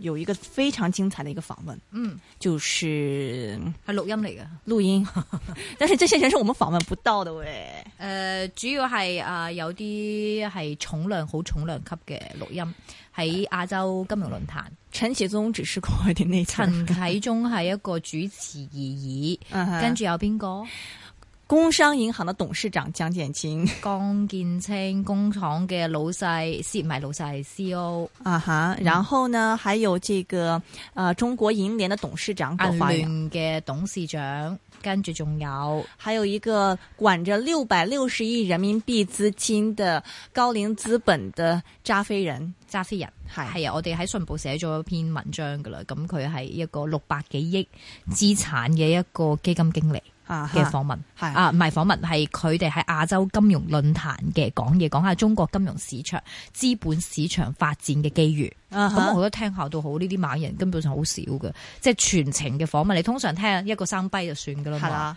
有一個非常精彩的一個訪問，嗯，就是係錄音嚟嘅錄音， 但是這些人是我們訪問不到的喂。誒、呃，主要係誒、呃、有啲係重量好重量級嘅錄音喺亞洲金融論壇。陳啟宗只是過開點咩？陳啟宗係一個主持而已， 跟住有邊個？嗯工商銀行的董事長江建清， 江建清工廠嘅老細，唔係老細，C O。啊哈，然後呢，還有這個，呃，中國銀聯的董事長，銀聯嘅董事長，跟住仲有，還有一個管着六百六十億人民幣資金的高瓴資本的揸飛人，揸飛人係係啊，我哋喺信報寫咗一篇文章噶啦，咁佢係一個六百幾億資產嘅一個基金經理。嘅訪問，係啊，唔、啊、係訪問，係佢哋喺亞洲金融論壇嘅講嘢，講下中國金融市場、資本市場發展嘅機遇。咁、啊、我覺得聽下都好，呢啲猛人根本上好少嘅，即係全程嘅訪問。你通常聽一個 soundbite 就算㗎啦。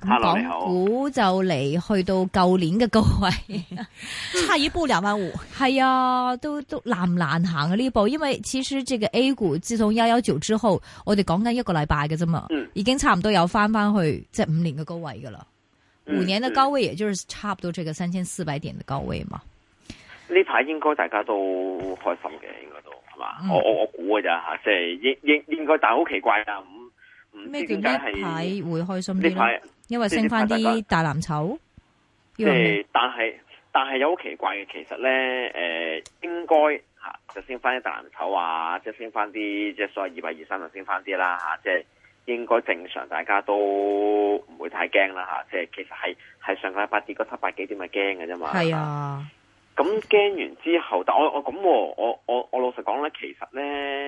港股就嚟去到舊年嘅高位，差 一步布兩萬五，係 啊，都都難唔難行啊呢步？因為其實這個 A 股自從幺幺九之後，我哋講緊一個禮拜嘅啫嘛，已經差唔多有翻翻去即係、就是、五年嘅高位噶啦、嗯，五年嘅高位，也就是差唔多這個三千四百點嘅高位嘛。呢排應該大家都開心嘅，應該都係嘛、嗯？我我我估嘅咋吓，即係應應應該，但係好奇怪啊咩點解呢排會開心啲咧？因為升翻啲大藍籌，即係但係但係有好奇怪嘅，其實咧誒、呃，應該吓、啊、就升翻啲大藍籌啊，即係升翻啲即係所謂二百二三就升翻啲啦吓、啊，即係應該正常，大家都唔會太驚啦吓。即係其實係係上個禮拜跌咗七百幾點咪驚嘅啫嘛。係啊，咁、啊、驚完之後，但我我咁、啊、我我我老實講咧，其實咧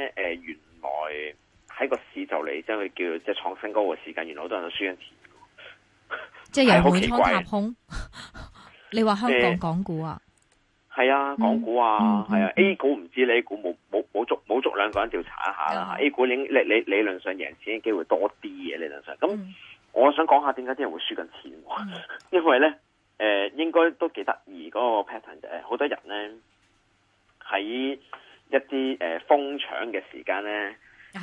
誒、呃，原來。喺個市就嚟，將佢叫即係創新高嘅時間，原來好多人輸緊錢。即係由每倉踏空。 欸、你話香港港股啊？係啊，港股啊，係、嗯啊，嗯、啊。A 股唔知，A 股冇冇冇足冇足兩個人調查一下啦。A 股理理理理論上贏錢嘅機會多啲嘅理論上。咁我想講下點解啲人會輸緊錢、啊。嗯、 因為咧，誒、呃，應該都幾得意嗰個 pattern、就是。誒，好多人咧喺一啲誒瘋搶嘅時間咧。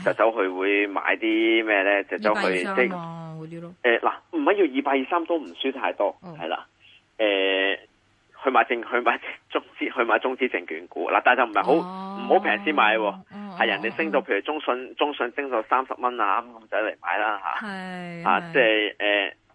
就走去會買啲咩咧？就走去即啲咯。誒、就是，嗱，唔、呃、係要，二百二三都唔輸太多，係、oh. 啦。誒、呃，去買證，去買中資，去買中資證券股嗱、呃，但係就唔係好唔、oh. 好平先買。係、oh. 人哋升到，譬如中信，中信升到三十蚊啊，咁就嚟買啦吓。係、oh. 啊，即係誒，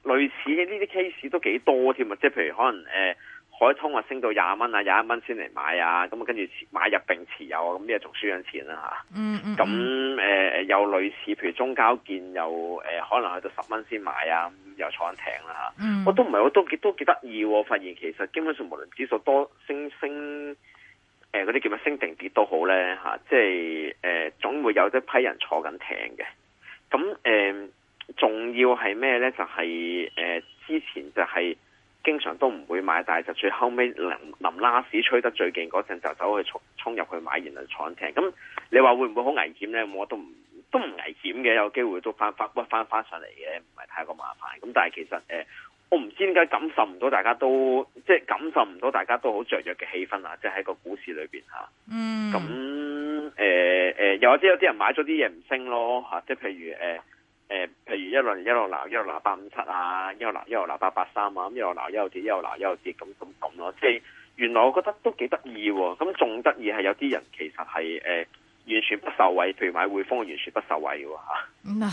類似嘅呢啲 case 都幾多添啊，即係譬如可能誒。呃海通啊，升到廿蚊啊，廿一蚊先嚟買啊，咁啊跟住買入並持有，咁呢個仲輸緊錢啦吓。咁、嗯、誒、嗯嗯呃，又類似，譬如中交建又誒、呃，可能去到十蚊先買啊，又坐緊艇啦吓、嗯。我都唔係，我都幾都幾得意，發現其實基本上無論指數多升升，誒嗰啲叫乜升定跌都好咧吓、啊，即係誒、呃，總會有一批人坐緊艇嘅。咁誒、呃，仲要係咩咧？就係、是、誒、呃，之前就係、是。經常都唔會買，但係就最後尾臨臨拉屎吹得最勁嗰陣，就走去沖沖入去買廠廳，然後坐艇。咁你話會唔會好危險呢？我都唔都唔危險嘅，有機會都翻翻屈翻翻上嚟嘅，唔係太過麻煩。咁但係其實誒、呃，我唔知點解感受唔到大家都即係感受唔到大家都好雀躍嘅氣氛啦，即係喺個股市裏邊吓。嗯。咁誒誒，又或者有啲人買咗啲嘢唔升咯吓，即係譬如誒。呃誒，譬如一路一路鬧一路鬧八五七啊，一路鬧一路鬧八八三啊，一路鬧一路跌一路鬧一路跌咁咁咁咯，即係原來我覺得都幾得意喎，咁仲得意係有啲人其實係誒完全不受惠，譬如買匯豐完全不受惠嘅、嗯、吓，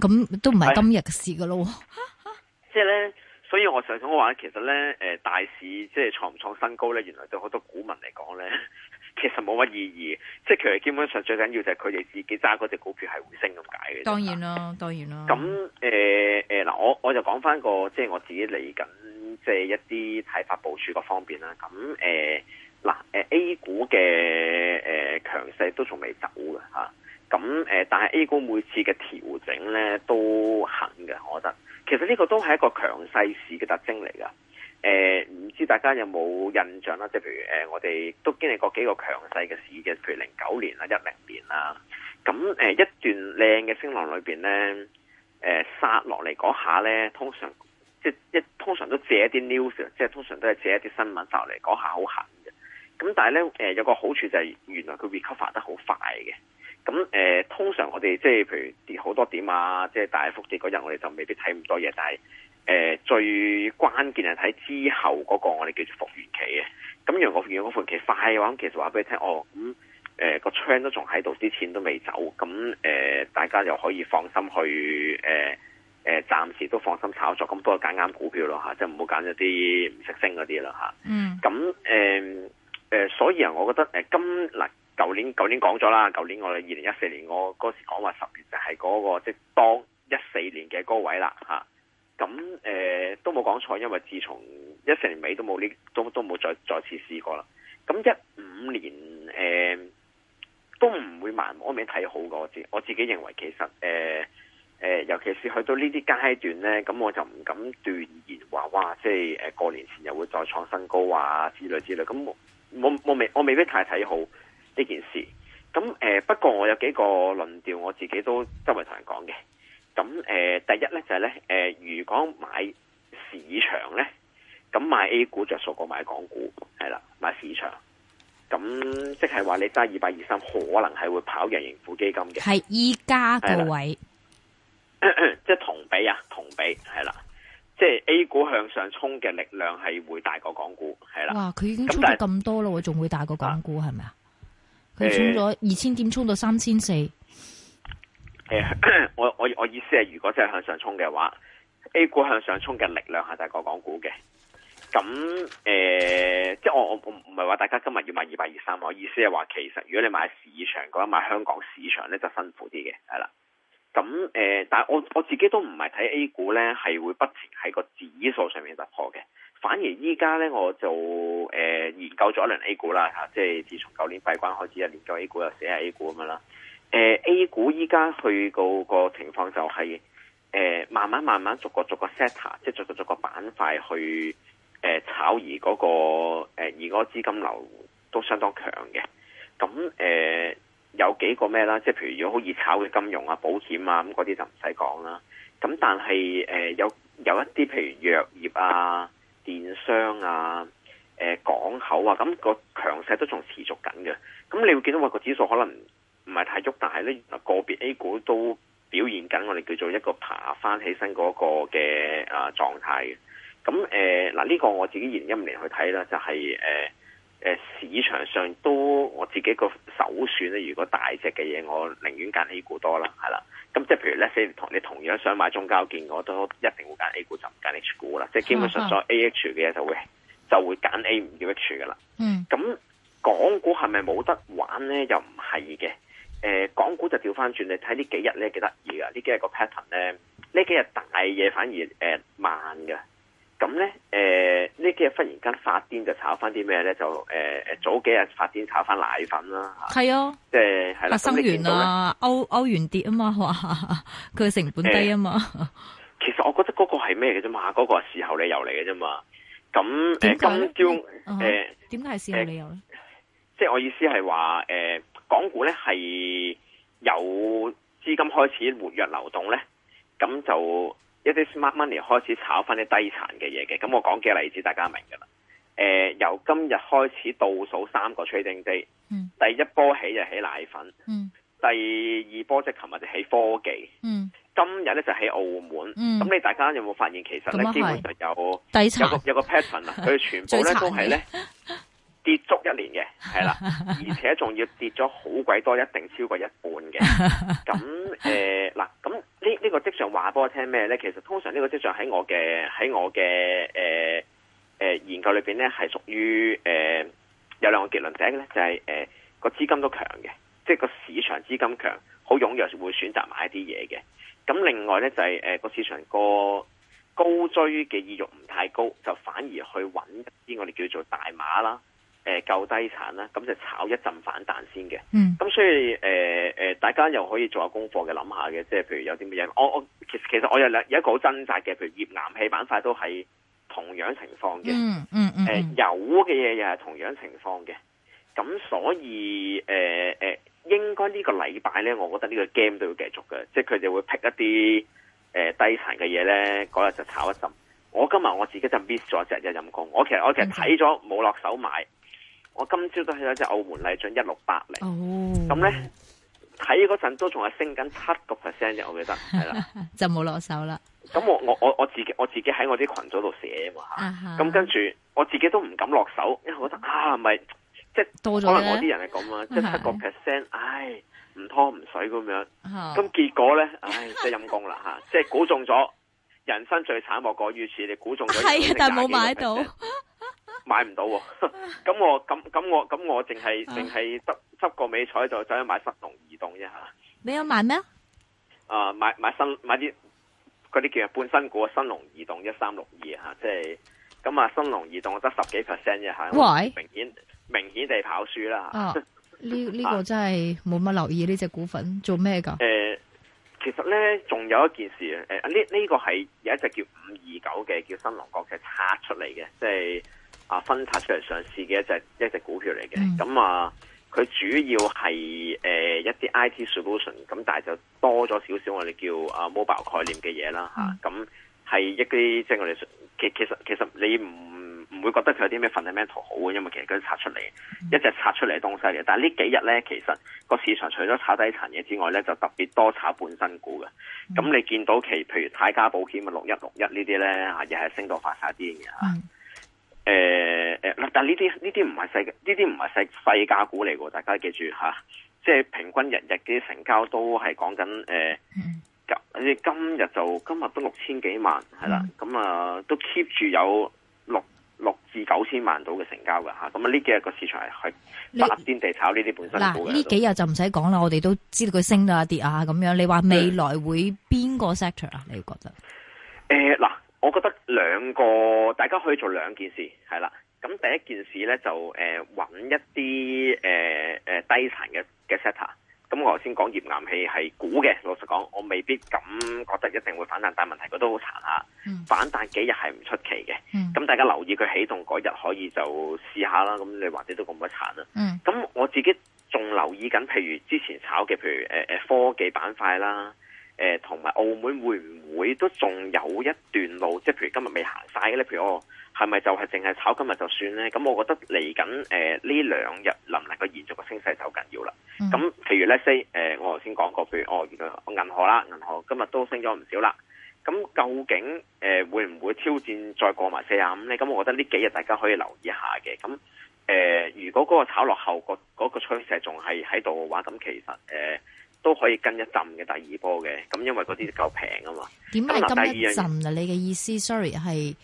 咁、啊、都唔係今日嘅事噶咯、哎啊，即係咧，所以我想想話，其實咧誒大市即係創唔創新高咧，原來對好多股民嚟講咧。其實冇乜意義，即係其實基本上最緊要就係佢哋自己揸嗰隻股票係回升咁解嘅。當然啦，當然啦。咁誒誒嗱，我我就講翻個即係我自己嚟緊即係一啲睇法部署嗰方面啦。咁誒嗱誒 A 股嘅誒強勢都仲未走㗎。吓、啊。咁誒但係 A 股每次嘅調整咧都肯嘅，我覺得其實呢個都係一個強勢市嘅特徵嚟噶。誒、呃、唔知大家有冇印象啦？即係譬如誒、呃，我哋都經歷過幾個強勢嘅市嘅，譬如零九年啦、呃、一零年啦。咁、呃、誒一段靚嘅升浪裏邊咧，誒殺落嚟嗰下咧，通常即係一通常都借一啲 news，即係通常都係借一啲新聞殺落嚟嗰下好狠嘅。咁但係咧，誒、呃、有個好處就係原來佢 recover 得好快嘅。咁誒、呃、通常我哋即係譬如跌好多點啊，即係大幅跌嗰日，我哋就未必睇咁多嘢，但係。誒、呃，最關鍵係睇之後嗰個我哋叫做復原期嘅。咁如果復原期快嘅話，其實話俾你聽哦，咁、嗯、誒、呃、個 trend 都仲喺度，啲錢都未走，咁誒、呃、大家又可以放心去誒誒，暫、呃呃、時都放心炒作。咁、啊就是、不過揀啱股票咯，吓，即係唔好揀一啲唔識升嗰啲啦，吓。嗯，咁誒誒，所以啊，我覺得誒今嗱，舊、呃、年舊年講咗啦，舊年我哋二零一四年我嗰時講話十月就係嗰、那個即係、就是、當一四年嘅高位啦，吓、啊。咁誒、呃、都冇講錯，因為自從一四年尾都冇呢，都都冇再再次試過啦。咁一五年誒、呃、都唔會盲我未睇好嘅，我自我自己認為其實誒、呃呃、尤其是去到階呢啲階段咧，咁我就唔敢斷言話哇，即係誒、呃、過年前又會再創新高啊之類之類。咁我未我，我未必太睇好呢件事。咁誒、呃、不過我有幾個論調，我自己都周圍同人講嘅。咁誒、呃，第一咧就係、是、咧，誒、呃，如果買市場咧，咁買 A 股著數過買港股，係啦，買市場，咁即係話你揸二百二三，可能係會跑贏盈富基金嘅，係依家個位咳咳，即係同比啊，同比係啦，即係 A 股向上衝嘅力量係會大過港股，係啦，哇，佢已經衝咗咁多咯，仲會大過港股係咪啊？佢衝咗二千點，衝、嗯、到三千四。 我我我意思係，如果真係向上衝嘅話，A 股向上衝嘅力量係大過港股嘅。咁誒、呃，即係我我唔係話大家今日要買二百二三，我意思係話其實如果你買市場，買香港市場咧就辛苦啲嘅，係啦。咁誒、呃，但係我我自己都唔係睇 A 股咧，係會不停喺個指數上面突破嘅。反而依家咧，我就誒、呃、研究咗一輪 A 股啦吓，即係自從舊年閉關開始啊，研究 A 股又寫下 A 股咁樣啦。誒、呃、A 股依家去個、那個情況就係、是、誒、呃，慢慢慢慢逐個逐個 sector，即係逐個逐個板塊去誒、呃、炒而嗰、那個誒、呃、而嗰個資金流都相當強嘅。咁誒、呃、有幾個咩啦？即係譬如如果好易炒嘅金融啊、保險啊咁嗰啲就唔使講啦。咁但係誒、呃、有有一啲譬如藥業啊、電商啊、誒、呃、港口啊，咁、那個強勢都仲持續緊嘅。咁你會見到話、哎那個指數可能，唔係太足，但係咧個別 A 股都表現緊，我哋叫做一個爬翻起身嗰個嘅啊狀態嘅。咁誒嗱呢個我自己原因嚟去睇啦，就係、誒、誒、呃、市場上都我自己個首選咧。如果大隻嘅嘢，我寧願揀 A 股多啦，係啦。咁即係譬如咧，如你同你同樣想買中交建，我都一定會揀 A 股就唔揀 H 股啦。即係基本上再 A H 嘅嘢就會就會揀 A 唔要 H 噶啦。嗯。咁港股係咪冇得玩咧？又唔係嘅。誒、呃，港股就調翻轉，你睇呢、啊、幾日咧幾得意噶，呢幾日個 pattern 咧，呢幾日大嘢反而誒、呃、慢㗎。咁咧誒呢、呃、幾日忽然間發癲就炒翻啲咩咧，就誒誒、呃、早幾日發癲炒翻奶粉啦，係啊，即係啦，咁、呃啊啊嗯、你見到歐歐元跌啊嘛，佢成本低啊嘛，呃呃、 其實我覺得嗰個係咩嘅啫嘛，嗰、嗰個係事後理由嚟嘅啫嘛，咁、呃、今朝誒，點解係事後理由咧、呃呃？即係我意思係話誒。呃港股咧係有資金開始活躍流動咧，咁就一啲 smart money 嚟開始炒翻啲低殘嘅嘢嘅。咁我講幾個例子大家明㗎啦。誒、呃，由今日開始倒數三個 trading day，第一波起就是起奶粉，嗯、第二波即係琴日就，就是起科技，嗯、今日咧就喺澳門。咁、嗯、你大家有冇發現其實咧基本上有低有個有個 pattern 啊？佢全部咧都係咧。 跌足一年嘅，係啦，而且仲要跌咗好鬼多，一定超過一半嘅。咁誒嗱，咁呢呢個跡象話俾我聽咩呢？其實通常呢個跡象喺我嘅喺我嘅誒、呃呃、研究裏邊呢，係屬於誒、呃、有兩個結論，第一呢，就係誒個資金都強嘅，即係個市場資金強，好踊躍會選擇買一啲嘢嘅。咁另外呢，就係誒個市場個高追嘅意欲唔太高，就反而去揾啲我哋叫做大碼啦。誒，夠低產啦，咁就炒一陣反彈先嘅。嗯，咁所以誒誒、呃，大家又可以做下功課嘅諗下嘅，即係譬如有啲乜嘢，我我其實其實我有有一個好掙扎嘅，譬如頁岩氣板塊都係同樣情況嘅。嗯嗯嗯，誒、嗯，油嘅嘢又係同樣情況嘅。咁所以誒誒、呃，應該呢個禮拜咧，我覺得呢個 game 都要繼續嘅，即係佢哋就會 pick 一啲誒、呃、低產嘅嘢咧，嗰日就炒一浸。我今日我自己就 miss 咗隻一任工，我其實我其實睇咗冇落手買。我今朝都睇咗隻澳門勵駿一六八零，咁咧睇嗰陣都仲係升緊七個 percent 啫，我記得係啦， 就冇落手啦。咁我我我我自己我自己喺我啲群組度寫嘛，咁、uh -huh. 跟住我自己都唔敢落手，因為我覺得啊，唔係即係多咗。Uh -huh. 可能我啲人係咁啊，即係七個 percent，唉，唔拖唔水咁樣。咁、uh -huh. 結果咧，唉，真係陰功啦吓， 即係估中咗，人生最慘莫過於此，uh -huh. 你估中咗，uh -huh. 中 uh -huh. 但係冇買到。買唔到、啊，咁 我咁咁我咁我淨係淨係執執個尾彩就走去買新龍移動一下。你有買咩啊？啊，買買新買啲嗰啲叫半新股新龍移動一三六二吓，即係咁啊，新龍移動得十幾 percent 一下。喂，我明顯明顯地跑輸啦。啊、呢、啊、呢、這個真係冇乜留意呢隻、啊這個、股份做咩噶？誒、啊，其實咧仲有一件事誒、呢、啊、呢、這個係有一隻叫五二九嘅叫新龍國際拆出嚟嘅，即、就、係、是。啊，分拆出嚟上市嘅一隻一隻股票嚟嘅，咁、嗯、啊，佢主要係誒、呃、一啲 I T solution，咁但係就多咗少少我哋叫啊 mobile 概念嘅嘢啦嚇，咁係一啲即係我哋其其實其實你唔唔會覺得佢有啲咩 fundamental 好嘅，因為其實佢都拆出嚟、嗯、一隻拆出嚟嘅東西嚟，但係呢幾日咧，其實個市場除咗炒低層嘢之外咧，就特別多炒半新股嘅，咁、嗯嗯、你見到其譬如泰加保險啊、六一六一呢啲咧，啊，又係升到發曬嘅。誒誒，嗱，但呢啲呢啲唔係細，呢啲唔係細細價股嚟嘅，大家記住吓，即、啊、係、就是、平均日日嘅成交都係講緊誒，今日就今日、嗯啊、都六千幾萬係啦，咁啊都 keep 住有六六至九千萬到嘅成交嘅吓，咁啊呢幾日個市場係係癲癲地炒呢啲本身的的。嗱，呢幾日就唔使講啦，我哋都知道佢升咗一啲啊咁樣，你話未來會邊個 sector 啊？你會覺得？誒、呃，嗱。我覺得兩個大家可以做兩件事，係啦。咁第一件事呢，就揾、呃、一啲誒、呃呃、低殘嘅嘅 setter。咁我頭先講頁岩氣係股嘅，老實講我未必咁覺得一定會反彈，但問題佢都好殘下。反彈幾日係唔出奇嘅。咁、嗯、大家留意佢起動嗰日可以就試下啦。咁你或者都咁鬼殘啦。咁、嗯、我自己仲留意緊，譬如之前炒嘅，譬如、呃、科技板塊啦。誒、呃，同埋澳門會唔會都仲有一段路？即係譬如今日未行晒嘅咧，譬如我係咪就係淨係炒今日就算咧？咁我覺得嚟緊誒呢兩日能唔能夠延續個升勢就緊要啦。咁、嗯、譬如咧，先誒、呃、我先講過，譬如哦，原來銀河啦，銀河今日都升咗唔少啦。咁究竟誒、呃、會唔會挑戰再過埋四二五咧？咁我覺得呢幾日大家可以留意一下嘅。咁誒、呃，如果嗰個炒落後個嗰、那個趨勢仲係喺度嘅話，咁其實誒。呃都可以跟一陣嘅第二波嘅，咁因為嗰啲夠平啊嘛。點解跟一陣啊？你嘅意思，sorry，係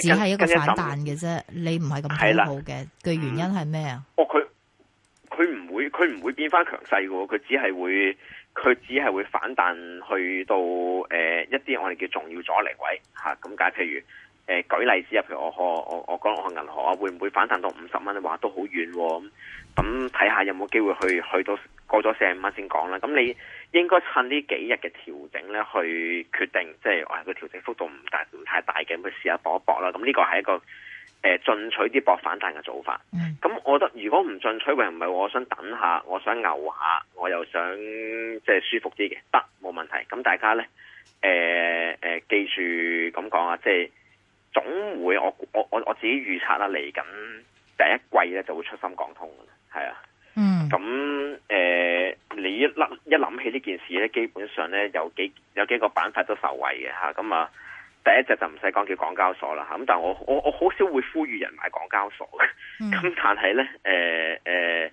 只係一個反彈嘅啫，你唔係咁睇好嘅嘅原因係咩啊？哦，佢佢唔會佢唔會變返強勢嘅喎，佢只係會佢只係會反彈去到誒、呃、一啲我哋叫重要阻力位嚇。咁、啊、解譬如誒、呃、舉例子啊，譬如我我我我講我銀行啊，會唔會反彈到五十蚊嘅話都好遠喎咁。咁睇下有冇機會去去到過咗四五蚊先講啦。咁你應該趁呢幾日嘅調整咧，去決定，即係個調整幅度唔大唔太大嘅，去試下搏一搏啦。咁呢個係一個誒進、呃、取啲搏反彈嘅做法。咁、mm. 我覺得如果唔進取，或唔係我想等下，我想牛下，我又想即係舒服啲嘅，得冇問題。咁大家咧，誒、呃、誒、呃，記住咁講啊，即係總會我我我我自己預測啦，嚟緊第一季咧就會出深港通。係啊，嗯，咁、呃、誒，你一諗一諗起呢件事咧，基本上咧有幾有幾個板塊都受惠嘅吓，咁啊，第一隻就唔使講叫港交所啦吓，咁、啊、但我我我好少會呼籲人買港交所嘅，咁、嗯啊、但係咧，誒、呃、誒、呃，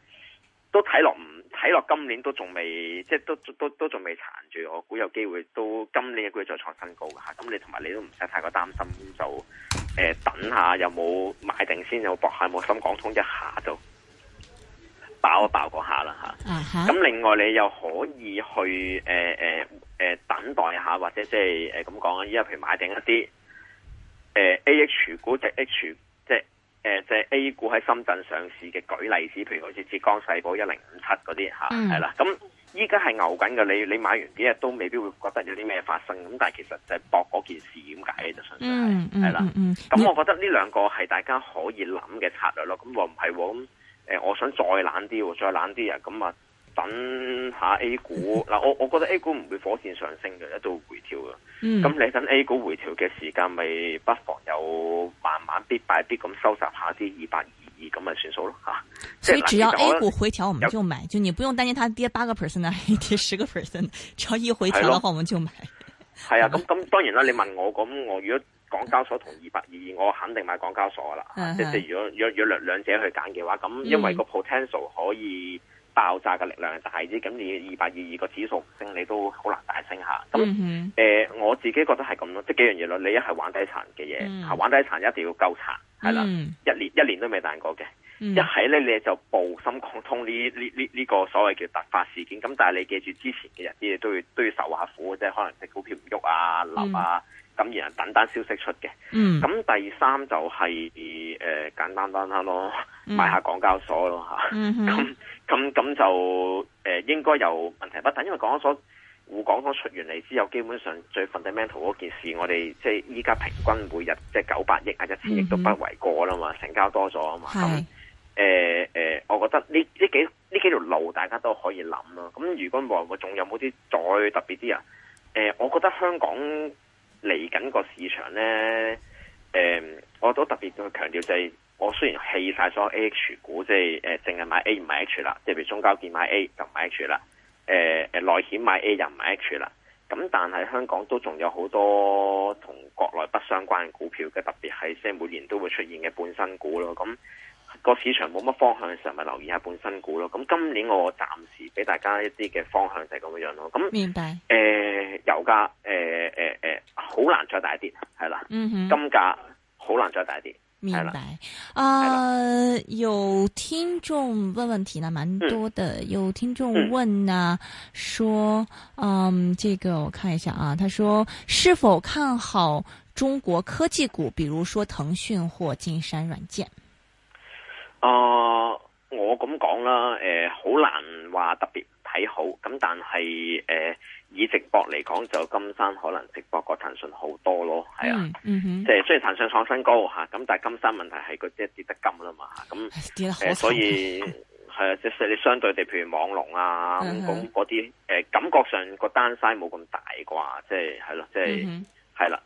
都睇落唔睇落今年都仲未，即係都都都仲未殘住，我估有機會都今年嘅股再創新高嘅吓，咁、啊、你同埋你都唔使太過擔心，就誒、呃、等下有冇買定先有搏下冇深港通一下就。爆一爆過下啦吓，咁、啊 uh-huh? 另外你又可以去誒誒誒等待一下，或者即係誒咁講啊，依、呃、家譬如買定一啲誒 A H 股即係 H，即係誒、呃、即係 A 股喺深圳上市嘅，舉例子譬如好似浙江世寶一零五七嗰啲吓，係、啊 mm. 啦，咁依家係牛緊嘅，你你買完幾日都未必會覺得有啲咩發生，咁但係其實就係搏嗰件事點解就純粹係、mm, mm, mm, 啦，咁、嗯嗯嗯、我覺得呢兩個係大家可以諗嘅策略咯，咁我唔係喎。誒，我想再冷啲，再冷啲啊！咁啊，等下 A 股嗱， 我我覺得 A 股唔會火箭上升嘅，一度回調嘅。咁、嗯、你等 A 股回調嘅時間，咪不妨有慢慢必快啲咁收集下啲二百二二咁咪算數咯吓、啊。所以只要 A 股，要 A 股回調，我們就買，就你不用擔心佢跌八個 percent，跌 十個 percent，只要一回調嘅話，我們就買。係 啊，咁咁當然啦，你問我咁，我如果。港交所同二百二二，我肯定買港交所啦。即係如果若兩兩者去揀嘅話，咁因為個 potential 可以爆炸嘅力量大啲，咁你二百二二個指數升，你都好難大升下。咁誒、嗯呃，我自己覺得係咁咯，即係幾樣嘢咯。你一係玩低層嘅嘢，嗯、玩低層一定要夠殘，係啦、嗯一，一年沒、嗯、一年都未彈過嘅。一係咧你就搏深港通呢呢呢呢個所謂叫突發事件。咁但係你記住之前嘅日子都要都要受下苦，即係可能啲股票唔喐啊，冧啊。嗯咁然後等等消息出嘅，咁、嗯、第三就係、是、誒、呃、簡單翻下咯，買下港交所咯嚇，咁咁咁就誒、呃、應該有問題不大，因為港交所、滬港所出完嚟之後，基本上最 fundamental 嗰件事，我哋即係依家平均每日即係九百億啊、一千億都不為過啦嘛，成交多咗啊嘛，咁誒誒，我覺得呢呢幾呢幾條路大家都可以諗咯、啊。咁如果冇人話仲有冇啲再特別啲啊？誒、呃，我覺得香港。嚟緊個市場呢，誒、嗯，我都特別去強調就係、是，我雖然棄晒所有 A H 股，即係淨淨係買 A 唔買 H 啦，即係譬如中交建買 A 就唔買 H 啦，誒、呃、誒，內險買 A 又唔買 H 啦，咁但係香港都仲有好多同國內不相關嘅股票嘅，特別係即係每年都會出現嘅半新股咯，咁。個市場冇乜方向嘅時候，咪留意一下本身股咯。咁今年我暫時俾大家一啲嘅方向就係咁樣樣咯。咁，明白。誒、呃，油價誒誒誒，好、呃呃、難再大跌，係啦。嗯哼。金價好難再大跌，明白。啊、呃，有聽眾問問題呢，蠻多的。嗯、有聽眾問啊，說，嗯，這個我看一下啊，他說是否看好中國科技股，比如說騰訊或金山軟件？啊、呃，我咁講啦，誒、呃，好難話特別睇好，咁但係，誒、呃，以直播嚟講就金山可能直播過騰訊好多咯，係、嗯、啊，嗯、即係雖然騰訊創新高吓，咁、啊、但係金山問題係佢即係跌得金啦嘛，咁、呃、所以係啊，即係你相對地，譬如網龍啊，咁嗰啲誒，感覺上個單 size 冇咁大啩，即係係咯，即係係啦。就是嗯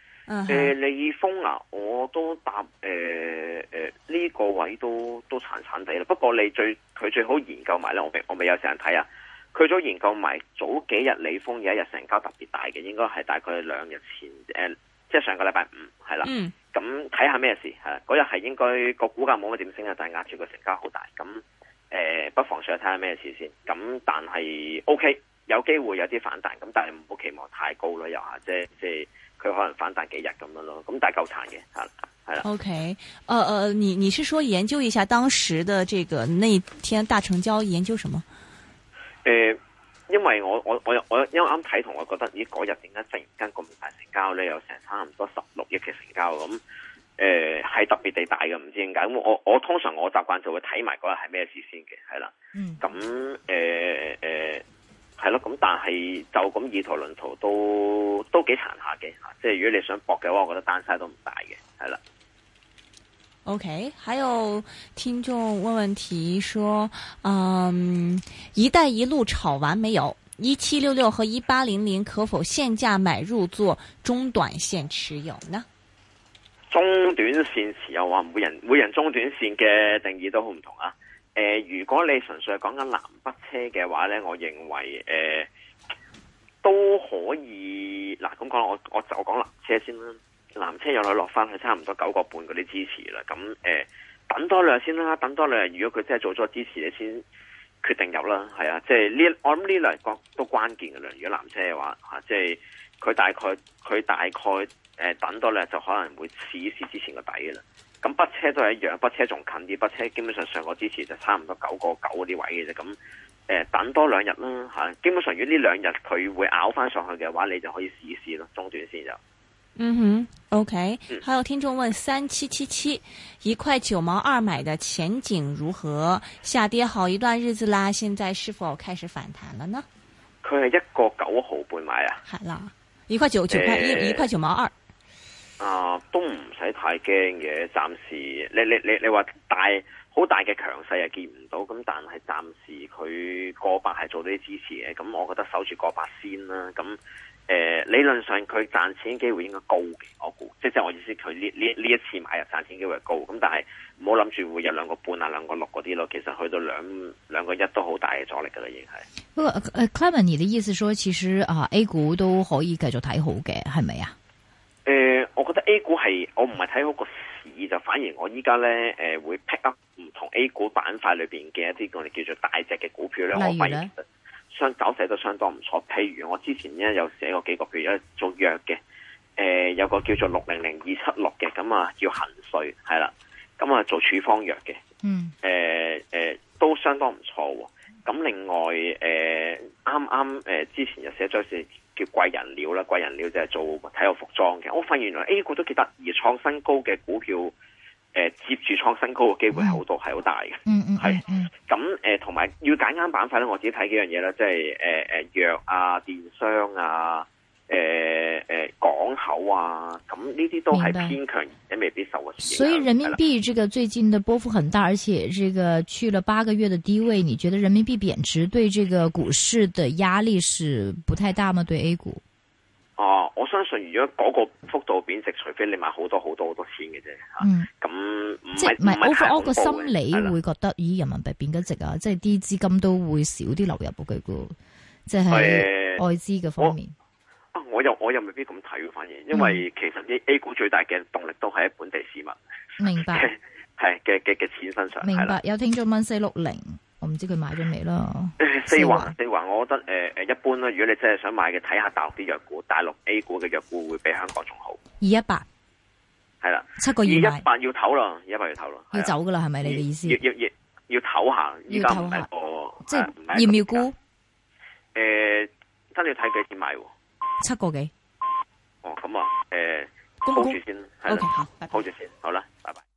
誒、uh -huh. 呃，李峰啊，我都答誒誒呢個位都都殘殘地啦。不過你最佢最好研究埋咧，我未我未有時間睇啊。佢早研究埋早幾日李峰有一日成交特別大嘅，應該係大概兩日前誒、呃，即係上個禮拜五係啦。咁、mm. 睇、嗯、下咩事係啦。嗰日係應該個股價冇乜點升啊，但係壓住個成交好大。咁誒、呃，不妨上去睇下咩事先。咁但係 O K，有機會有啲反彈。咁但係唔好期望太高啦。又、呃、下即係即係。佢可能反彈幾日咁樣咯，咁但係夠殘嘅吓，係啦。OK，呃呃，你你是說研究一下當時嘅這個那天大成交，研究什麼？誒、呃，因為我我我我因為啱睇同我覺得咦，嗰日點解突然間咁大成交咧？有成差唔多十六億嘅成交咁，誒、呃、係特別地大嘅，唔知點解。咁我我通常我習慣就會睇埋嗰日係咩事先嘅，係啦。嗯，咁誒。呃係咯，咁但係就咁以圖論圖都都幾殘下嘅吓，啊，即係如果你想搏嘅話，我覺得單晒都唔大嘅，係啦。OK，還有聽眾問問題說，嗯，一帶一路炒完沒有？一七六六和一八零零可否限價買入做中短線持有呢？中短線持有啊，每人每人中短線嘅定義都好唔同啊。誒、呃，如果你純粹係講緊南北車嘅話呢，我認為誒、呃、都可以。嗱，咁講，我我就講南車先啦。南車有可能落翻去差唔多九個半嗰啲支持啦。咁、嗯、誒、呃，等多兩日先啦，等多兩日，如果佢真係做咗支持，你先決定入啦。係啊，即係呢，我諗呢兩日講都關鍵㗎啦。如果南車嘅話，吓、啊，即係佢大概佢大概誒、呃、等多兩日，就可能會試一試之前嘅底嘅啦。咁北車都係一樣，北車仲近啲，北車基本上上個支持就差唔多九個九嗰啲位嘅啫。咁誒，等多兩日啦吓。基本上如果呢兩日佢會拗翻上去嘅話，你就可以試一試咯，中段先就。嗯哼，OK。嗯。還有聽眾問：三七七七一塊九毛二買的前景如何？下跌好一段日子啦，現在是否開始反彈了呢？佢、嗯、係、OK, 一個九毫半買啊，係啦，一塊九九塊一一塊九毛二。啊，都唔使太驚嘅，暫時你你你你話大好大嘅強勢係見唔到，咁但係暫時佢過百係做到啲支持嘅，咁我覺得守住過百先啦，啊。咁誒、呃，理論上佢賺錢機會應該高嘅，我估，即係即係我意思，佢呢呢呢一次買入賺錢機會高，咁但係唔好諗住會有兩個半啊，兩個六嗰啲咯。其實去到兩兩個一都好大嘅阻力噶啦，已經係。不過，誒、啊、Clement 你嘅意思說，其實啊，A 股都可以繼續睇好嘅，係咪啊？誒、呃，我覺得 A 股係我唔係睇好個市，就反而我依家咧誒會 pick up 唔同 A 股板塊裏邊嘅一啲我哋叫做大隻嘅股票咧，我係相搞勢都相當唔錯。譬如我之前咧有寫過幾個譬如一做藥嘅，誒、呃、有個叫做六零零二七六嘅，咁啊叫恒瑞係啦，咁啊做處方藥嘅，嗯，誒、呃。相當唔錯喎，咁另外誒啱啱誒之前就寫咗是叫貴人鳥啦，貴人鳥就係做體育服裝嘅，我發現原來 A 股都幾得意，而創新高嘅股票誒、呃、接住創新高嘅機會係好多，係好大嘅，嗯嗯，係、嗯，咁同埋要揀啱板塊咧，我自己睇幾樣嘢啦，即係誒誒藥啊、電商啊。誒、呃、誒、呃，港口啊，咁呢啲都係偏強，未必受。所以人民幣這個最近的波幅很大，嗯、而且這個去了八個月的低位。你覺得人民幣貶值對這個股市的壓力是不太大嗎？對 A 股？哦、啊，我相信如果嗰個幅度貶值，除非你買好多好多好多錢嘅啫吓。咁、嗯啊、即係唔係 overall 個心理會覺得，咦，人民幣貶得值啊？即係啲資金都會少啲流入嘅，即、就、係、是、外資嘅方面。又我又未必咁睇反而因為其實 A A 股最大嘅動力都係喺本地市民的，明白係嘅嘅嘅錢身上。明白。是有聽眾問 四六零，我唔知佢買咗未啦。四環四環，我覺得誒誒、呃、一般啦。如果你真係想買嘅，睇下大陸啲藥股，大陸 A 股嘅藥股會比香港仲好。二一八係啦，七個二一八要唞咯，二一八要唞咯，要走噶啦，係咪你嘅意思？要要要要唞下，要唞下哦，即係要唔要沽？誒、呃，真係要睇幾錢買。七個幾？哦，咁啊，誒，呃，hold 住先啦，OK，好，拜拜，hold 住先，好啦，拜拜。